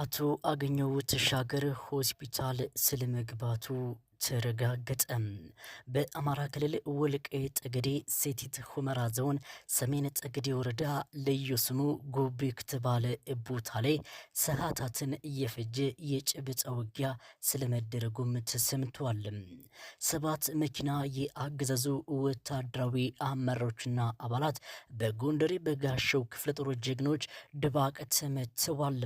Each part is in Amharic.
አቶ አገኘው ተሻገር ሆስፒታል ስለመግባቱ ተረጋገጠ። በአማራ ክልል ወልቃይት ጠገዴ ሰቲት ሁመራ ዞን ሰሜን ጠገዴ ወረዳ ልዩ ስሙ ጎቢ ከተባለ ቦታ ላይ ሰዓታትን እየፈጀ የጨበጣ ውጊያ ስለመደረጉም ተሰምቷል። ሰባት መኪና የአገዛዙ ወታደራዊ አመራሮችና አባላት በጎንደሬ በጋሸው ክፍለ ጦር ጀግኖች ድባቅ ተመተዋል።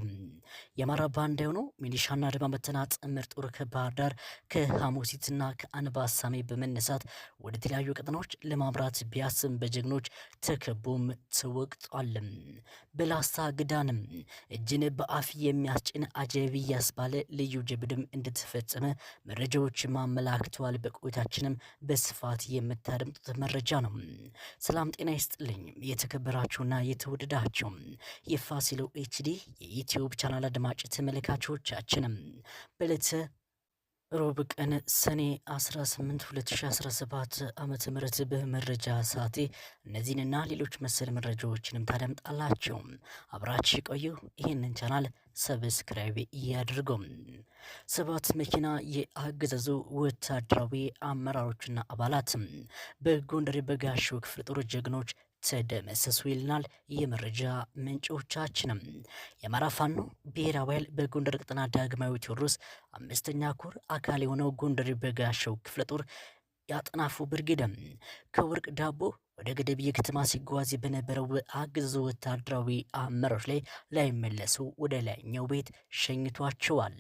የአማራ ባንዳ የሆነው ሚሊሻና ድማ በተና ጥምር ጦር ከባህር ዳር ከሐሙስ ከሞግዚትና ከአንባሳሜ በመነሳት ወደ ተለያዩ ቀጠናዎች ለማምራት ቢያስም በጀግኖች ተከቦም ተወቅጧልም። በላስታ ግዳንም እጅን በአፍ የሚያስጭን አጀቢ ያስባለ ልዩ ጀብድም እንደተፈጸመ መረጃዎች ማመላክተዋል። በቆይታችንም በስፋት የምታደምጡት መረጃ ነው። ሰላም ጤና ይስጥልኝ የተከበራችሁና የተወደዳችሁ የፋሲሎ ኤችዲ የዩትዩብ ቻናል አድማጭ ተመልካቾቻችንም በለተ ሮብ ቀን ሰኔ 18 2017 ዓመተ ምህረት በመረጃ ሰዓቴ እነዚህንና ሌሎች መሰል መረጃዎችንም ታደምጣላችሁ። አብራች ቆዩ። ይህንን ቻናል ሰብስክራይብ እያድርጉ። ሰባት መኪና የአገዛዙ ወታደራዊ አመራሮችና አባላት በጎንደር በጋሸው ክፍለ ጦር ጀግኖች ተደመሰሱ ይልናል የመረጃ ምንጮቻችንም። የአማራ ፋኖ ብሔራዊ ኃይል በጎንደር ቅጥና ዳግማዊ ቴዎድሮስ አምስተኛ ኮር አካል የሆነው ጎንደር በጋሸው ክፍለ ጦር ያጠናፉ ብርጌደም ከወርቅ ዳቦ ወደ ገደብ የከተማ ሲጓዝ በነበረው አገዛዙ ወታደራዊ አመራሮች ላይ ላይመለሱ ወደ ላይኛው ቤት ሸኝቷቸዋል።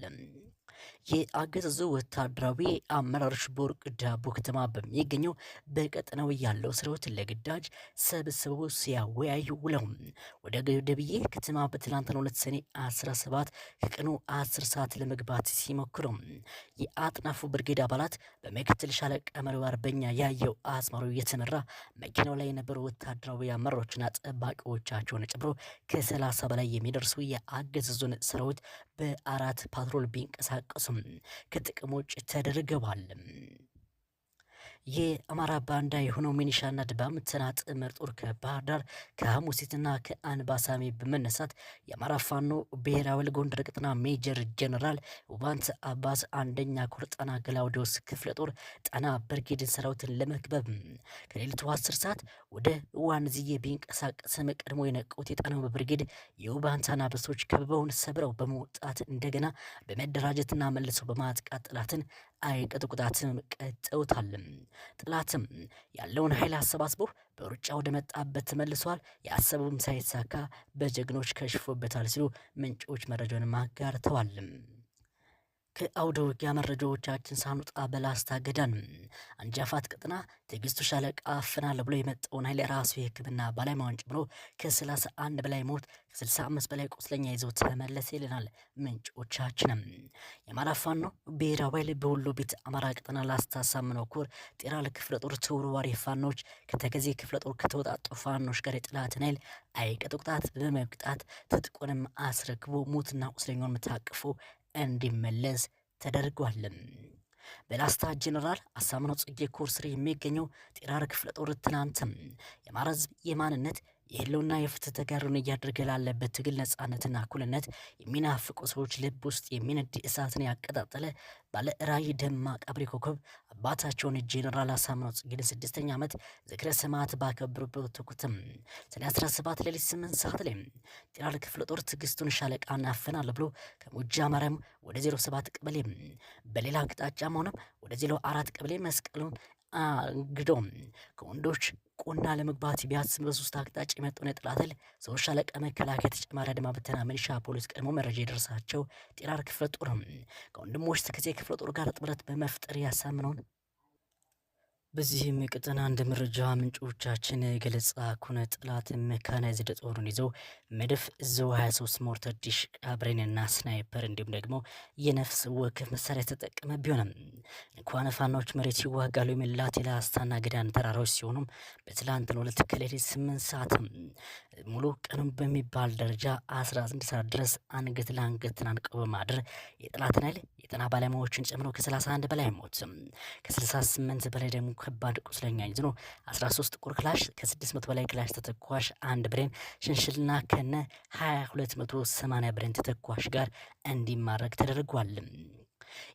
የአገዛዙ ወታደራዊ አመራሮች በወርቅ ዳቦ ከተማ በሚገኘው በቀጠናው ያለው ሰራዊት ለግዳጅ ሰብስበው ሲያወያዩ ውለው ወደ ገደብዬ ከተማ በትላንትናው ሁለት ሰኔ 17 ከቀኑ 10 ሰዓት ለመግባት ሲሞክሩ የአጥናፉ ብርጌድ አባላት በምክትል ሻለቃ መሪው አርበኛ ያየው አስማሩ የተመራ መኪናው ላይ የነበሩ ወታደራዊ አመራሮችና ጠባቂዎቻቸውን ጨምሮ ከ30 በላይ የሚደርሱ የአገዛዙን ሰራዊት በአራት ፓትሮል ቢንቀሳቀሱ ከጥቅም ውጭ ተደርገዋልም። የአማራ ባንዳ የሆነው ሚኒሻና ድባብ ጥምር ጦር ከባህር ዳር ከሐሙሲትና ከአንባሳሜ በመነሳት የአማራ ፋኖ ብሔራዊ ኃይል ጎንደር ቀጠና ሜጀር ጀነራል ውባንት አባስ አንደኛ ኮር ጣና ግላውዲዮስ ክፍለ ጦር ጣና ብርጌድን ሰራዊትን ለመክበብ ከሌሊቱ አስር ሰዓት ወደ ዋንዝዬ ቢንቀሳቀስም ቀድሞ የነቁት የጣናው ብርጌድ የውባንት በሶች ከበባውን ሰብረው በመውጣት እንደገና በመደራጀትና መልሰው በማጥቃት ጠላትን አይቀጡ ቀጠውታልም። ጥላትም ያለውን ኃይል አሰባስቦ በሩጫ ወደ መጣበት ተመልሷል። ያሰቡም ሳይሳካ በጀግኖች ከሽፎበታል ሲሉ ምንጮች መረጃውን አጋርተዋልም። ከአውደ ውጊያ መረጃዎቻችን ሳንወጣ በላስታ ገዳን አንጃፋት ቀጥና ትዕግስቱ ሻለቃ አፍናለሁ ብሎ የመጣውን ኃይል ራሱ የሕክምና ባለሙያውን ጨምሮ ከሰላሳ አንድ በላይ ሞት ከስልሳ አምስት በላይ ቁስለኛ ይዘው ተመለሰ ይለናል ምንጮቻችንም። የአማራ ፋኖ ብሔራዊ ኃይል በወሎ ቤት አማራ ቀጠና ላስታ ሳምነው ኮር ጤራል ክፍለ ጦር ተወርዋሪ ፋኖች ከተከዜ ክፍለ ጦር ከተወጣጡ ፋኖች ጋር የጠላትን ኃይል አይቀጡ ቅጣት በመቅጣት ትጥቁንም አስረክቦ ሞትና ቁስለኛውን ታቅፎ እንዲመለስ ተደርጓል። በላስታ ጄኔራል አሳምነው ጽጌ ኮርስሪ የሚገኘው ጤራር ክፍለ ጦር ትናንትም የአማራ የማንነት የህልውና የፍትህ ተጋሩን እያደረገ ላለበት ትግል ነጻነትና እኩልነት የሚናፍቁ ሰዎች ልብ ውስጥ የሚነድ እሳትን ያቀጣጠለ ባለ ራዕይ ደማቅ አብሪ ኮከብ አባታቸውን ጄኔራል አሳምነው ጽጌን ስድስተኛ ዓመት ዝክረ ሰማዕት ባከብሩበት ወቅትም ሰኔ 17 ሌሊት 8 ሰዓት ላይ ጤናል ክፍለ ጦር ትዕግስቱን ሻለቃ ናፈናል ብሎ ከሙጃ ማርያም ወደ 07 ቀበሌ በሌላ አቅጣጫ መሆነም ወደ 04 ቀበሌ መስቀሉን አግዶም ከወንዶች ቁና ለመግባት ቢያስብ በሶስት አቅጣጫ የመጣውን የጠላት ኃይል ሰዎች ሻለቃ መከላከያ ተጨማሪ አድማ ብተና ሚሊሻ ፖሊስ ቀድሞ መረጃ የደረሳቸው ጤራር ክፍለ ጦርም ከወንድሞች ተከዜ ክፍለ ጦር ጋር ጥምረት በመፍጠር ያሳምነውን በዚህም ቀጠና እንደ መረጃ ምንጮቻችን ገለጻ ኩነ ጠላት መካናይዝድ ጦሩን ይዘው መድፍ ዘው 23 ሞርተር ዲሽቃ፣ ብሬንና ስናይፐር እንዲሁም ደግሞ የነፍስ ወከፍ መሳሪያ ተጠቀመ። ቢሆንም እንኳን ፋናዎች መሬት ይዋጋሉ የሚላት አስታና ገዳን ተራራዎች ሲሆኑም በትላንትናው ሁለት ከሌሊት ስምንት ሰዓት ሙሉ ቀኑን በሚባል ደረጃ 11 ሰዓት ድረስ አንገት ለአንገት ተናንቀው በማድር የጠላትን ኃይል የጤና ባለሙያዎችን ጨምሮ ከ31 በላይ ሞት ከ68 በላይ ደግሞ ከባድ ቁስለኛ ይዞ 13 ጥቁር ክላሽ ከ600 በላይ ክላሽ ተተኳሽ አንድ ብሬን ሽንሽልና ከነ 2280 ብሬን ተተኳሽ ጋር እንዲማረክ ተደርጓል።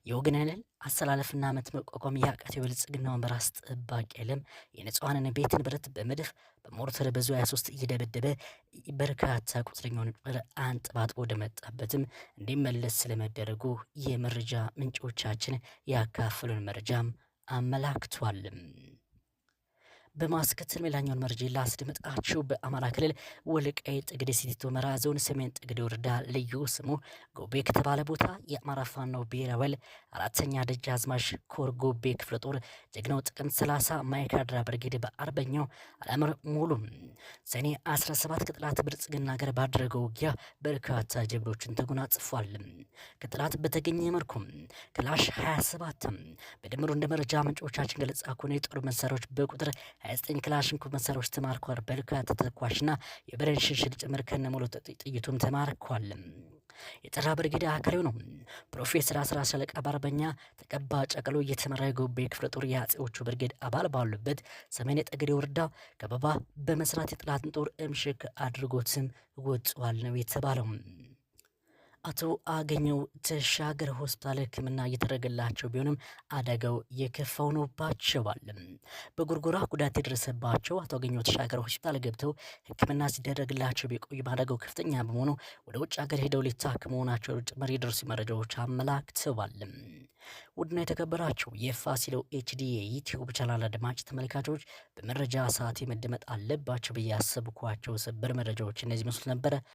የወገን ኃይልን አሰላለፍና ዓመት መቋቋም ያቃተው የብልጽግናውን በራስ ጠባቂ ኃይልም የንጹሐንን ቤት ንብረት በመድፍ በሞርተር በዙ 23 እየደበደበ በርካታ ቁስለኛውን ጭምር አንጥባጥቦ ወደመጣበትም እንዲመለስ ስለመደረጉ የመረጃ ምንጮቻችን ያካፍሉን መረጃም አመላክቷልም። በማስከተል ሌላኛውን መረጃ ላስደምጣችሁ። በአማራ ክልል ወልቃይት ጠገዴ ሰቲት ሁመራ ዞን ሰሜን ጠገዴ ወረዳ ልዩ ስሙ ጎቤ ከተባለ ቦታ የአማራ ፋኖ ብሔራዊ ኃይል አራተኛ ደጃዝማች ኮር ጎቤ ክፍለ ጦር ጀግናው ጥቅምት 30 ማይካድራ ብርጌድ በአርበኛው አለምር ሙሉም ሰኔ 17 ከጠላት ብልጽግና ጋር ባደረገው ውጊያ በርካታ ጀብዶችን ተጎናጽፏል። ከጠላት በተገኘ መልኩም ክላሽ 27 በድምሩ እንደ መረጃ ምንጮቻችን ገለጻ ከሆነ የጦር መሳሪያዎች በቁጥር 29 ክላሽንኩ መሳሪያዎች ተማርከዋል። በርካታ ተተኳሽና የብሬን ሽንሽል ጭምር ከነሙሉ ጥይቱም ተማርኳል። የጠራ ብርጌድ አካሌው ነው። ፕሮፌሰር አስራ ሻለቃ በአርበኛ ተቀባ ጨቅሎ እየተመራ የጎቤ ክፍለ ጦር የአጼዎቹ ብርጌድ አባል ባሉበት ሰሜን የጠገዴ ወረዳ ከበባ በመስራት የጠላትን ጦር እምሽክ አድርጎትም ወጥቷል ነው የተባለው። አቶ አገኘው ተሻገር ሆስፒታል ሕክምና እየተደረገላቸው ቢሆንም አደጋው የከፋ ሆኖባቸዋል። በጎርጎራ ጉዳት የደረሰባቸው አቶ አገኘው ተሻገር ሆስፒታል ገብተው ሕክምና ሲደረግላቸው ቢቆይ አደጋው ከፍተኛ በመሆኑ ወደ ውጭ ሀገር ሄደው ሊታከሙ መሆናቸውን ጭምር የደረሱ መረጃዎች አመላክተዋል። ውድና የተከበራቸው የፋሲሎ ኤችዲ የዩትዩብ ቻናል አድማጭ ተመልካቾች በመረጃ ሰዓት መደመጥ አለባቸው ብዬ ያሰብኳቸው ሰበር መረጃዎች እነዚህ መስሉ ነበረ።